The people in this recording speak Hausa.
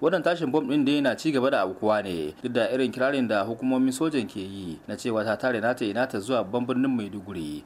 wannan tashin bom din da yana ci gaba da aukuwa ne duk da irin kirarin da hukumomin sojan ke yi na cewa ta tare nata ina ta zuwa babban birnin maiduguri